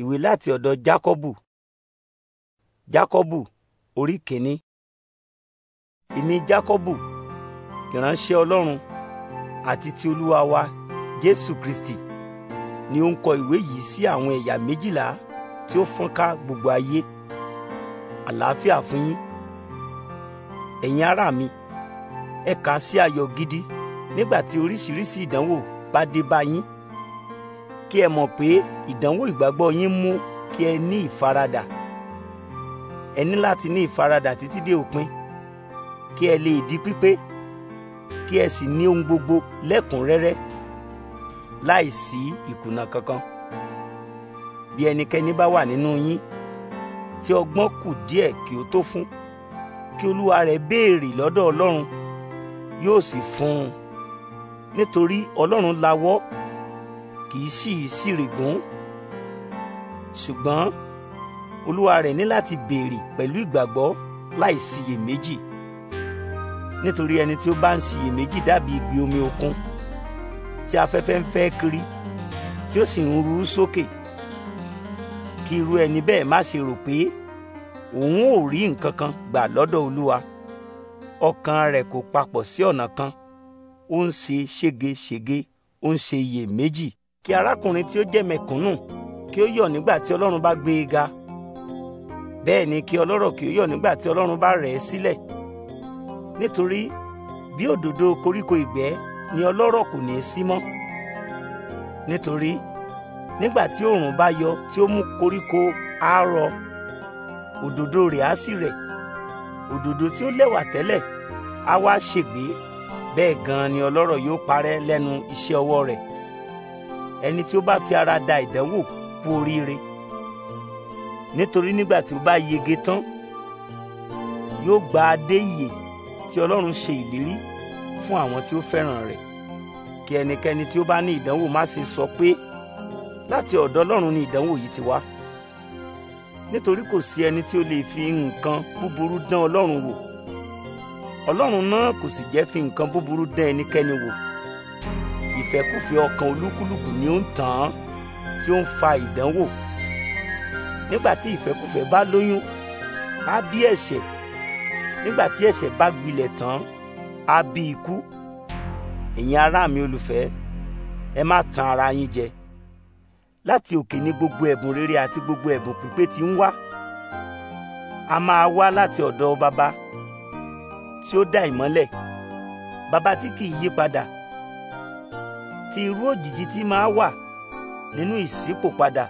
Ìwé láti ọ̀dọ̀ Jákọ́bù. Jákọ́bù orí kìíní. Èmi Jákọ́bù ìránṣẹ́ Ọlọ́run àti ti Olúwa wa Jésù Kristi ni ó ń kọ ìwé yìí sí àwọn ẹ̀yà méjìlá tí ó fọ́nká gbogbo ayé. Àlàáfíà fún yín. Ẹ̀yin ará mi, ẹ sí ayọ̀ gidi nígbà tí oríṣiríṣi ìdánwò bá dé bá yín kí ẹ mọ̀ pé ìdánwò ìgbàgbọ́ yín mú kí ẹ ní ìfaradà ẹ ní láti ní ìfaradà títí dé òpin kí ẹ lè di pípé kí ẹ sì ní ohun gbogbo lẹ́kùnrẹ́rẹ́ láìsí ìkùnà kankan bí ẹnikẹ́ni bá wà nínú yín tí ọgbọ́n kù díẹ̀ kí ó tó fún kí olúwa rẹ̀ béèrè lọ́dọ̀ ọlọ́run yóò sì fún un nítorí ọlọ́run lawọ́ kì í sì í sírìgún ṣùgbọ́n olúwa rẹ̀ ní láti béèrè pẹ̀lú ìgbàgbọ́ láì síyèméjì nítorí ẹni tí ó bá ń síyèméjì dàbí ibi omi òkun tí afẹ́fẹ́ ń fẹ́ kiri tí ó sì ń ru sókè kí irú ẹni bẹ́ẹ̀ má ṣe rò pé òun ò rí nǹkan kan gbà lọ́dọ̀ olúwa ọkàn rẹ̀ kò papọ̀ sí ọ̀nà kan ó ń ṣe ségesège ó ń ṣe iyèméjì kí arákùnrin tí ó jẹ́ mẹ̀kúnnù kí ó yọ̀ nígbà tí ọlọ́run bá gbé e ga bẹ́ẹ̀ ni kí ọlọ́rọ̀ kí ó yọ̀ nígbà tí ọlọ́run bá rẹ̀ ẹ́ sílẹ̀ nítorí bí òdòdó koríko ìgbẹ́ ni ọlọ́rọ̀ kò ní í sí mọ́ nítorí nígbà tí oòrùn bá yọ tí ó mú koríko á rọ òdòdó rẹ̀ á sì rẹ̀ òdòdó tí ó lẹ́wà tẹ́lẹ̀ á wá ṣègbé bẹ́ẹ̀ gan ni ọlọ́rọ̀ yóò parẹ́ lẹ́nu iṣẹ́ ọwọ́ rẹ̀ ẹni tí ó bá fi ara da ìdánwò kú oríire nítorí nígbà tí ó bá yege tán yóò gba adé ìyè tí Ọlọ́run ṣe ìlérí fún àwọn tí ó fẹ́ràn rẹ̀ kí ẹnikẹ́ni tí ó bá ní ìdánwò má ṣe sọ pé láti ọ̀dọ̀ Ọlọ́run ni ìdánwò yìí ti wá nítorí kò sí ẹni tí ó lè fi nǹkan búburú dán Ọlọ́run wò Ọlọ́run náà kò sì jẹ́ fi nǹkan búburú dán ẹnikẹ́ni wò ìfẹ́kúfẹ̀ẹ́ ọkàn olúkúlùkù ni ó ń tàn án tí ó ń fa ìdánwò nígbà tí ìfẹ́kúfẹ̀ẹ́ bá lóyún á bí ẹ̀ṣẹ̀ nígbà tí ẹ̀ṣẹ̀ bá gbilẹ̀ tán á bí ikú ẹ̀yin ará mi olùfẹ́ ẹ má tan ara yín jẹ láti òkè ní gbogbo ẹ̀bùn rere àti gbogbo ẹ̀bùn pípé tí ń wá a máa wá láti ọ̀dọ̀ baba tí ó dá ìmọ́lẹ̀ baba tí kì í yí padà àti irú òjìji tí máa wà nínú ìṣípòpadà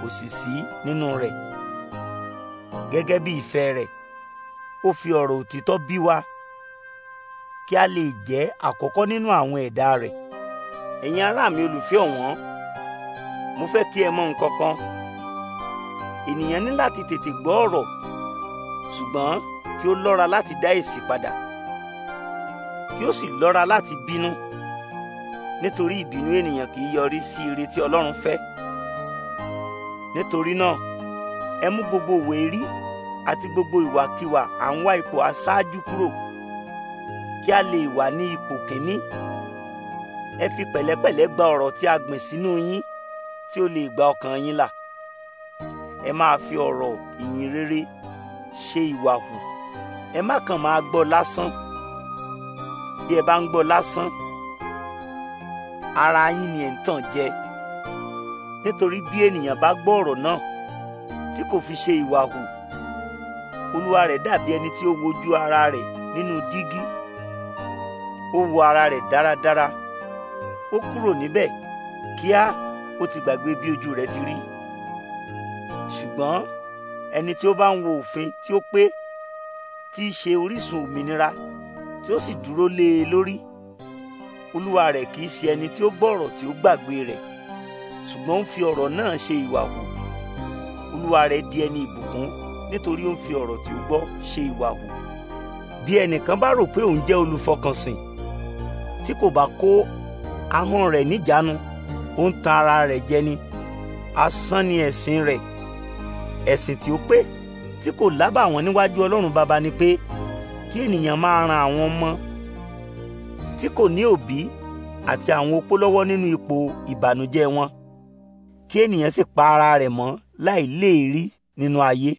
kò sì sí nínú rẹ̀ gẹ́gẹ́ bí ìfẹ́ rẹ̀ ó fi ọ̀rọ̀ òtítọ́ bí wa kí a lè jẹ́ àkọ́kọ́ nínú àwọn ẹ̀dá rẹ̀ ẹ̀yin ará mi olùfẹ́ ọ̀wọ́n mo fẹ́ kí ẹ mọ̀ nǹkan kan ènìyàn ní láti tètè gbọ́ ọ̀rọ̀ ṣùgbọ́n kí ó lọ́ra láti dá èsì padà kí ó sì lọ́ra láti bínú nítorí ìbínú ènìyàn kì í yọrí sí ire tí Ọlọ́run fẹ́ nítorí náà ẹ mú gbogbo wèérí àti gbogbo ìwàkiwà à ń wá ipò aṣáájú kúrò kí a lè wà ní ipò kíní ẹ fi pẹ̀lẹ́pẹ̀lẹ́ gba ọ̀rọ̀ tí a gbìn sínú yín tí ó lè gba ọkàn yín là ẹ máa fi ọ̀rọ̀ ìyìn rere ṣe ìwà hù ẹ má kàn máa gbọ́ lásán bí ẹ bá ń gbọ́ lásán ara yín ni ẹ̀ ń tàn jẹ nítorí bí ènìyàn bá gbọ́ ọ̀rọ̀ náà tí kò fi ṣe ìwà hù olúwa rẹ̀ dàbí ẹni tí ó wojú ara rẹ̀ nínú dígí ó wo ara rẹ̀ dáradára ó kúrò níbẹ̀ kíá ó ti gbàgbé bí ojú rẹ̀ ti rí ṣùgbọ́n ẹni tí ó bá ń wo òfin tí ó pé tí í ṣe orísun òmìnira tí ó sì dúró lé e lórí olúwa rẹ̀ kì í ṣe ẹni tí ó gbọ́rọ̀ tí ó gbàgbé rẹ̀ ṣùgbọ́n ó ń fi ọ̀rọ̀ náà ṣe ìwà hù olúwa rẹ̀ di ẹni ìbùkún nítorí ó ń fi ọ̀rọ̀ tí ó gbọ́ ṣe ìwà bí ẹnìkan bá rò pé òun jẹ́ olùfọkànsìn tí kò bá kó ahọ́n rẹ̀ níjánu ó ń tan ara rẹ̀ jẹ ni asán ni ẹ̀sìn rẹ̀ ẹ̀sìn tí ó pé tí kò lábàwọ́n níwájú ọlọ́run bàbá ni pé kí ènìyàn máa ran àwọn ọmọ tí kò ní òbí àti àwọn opó lọ́wọ́ nínú ipò ìbànújẹ́ wọn kí ènìyàn sì pa ara rẹ̀ mọ́ láì léèrí nínú ayé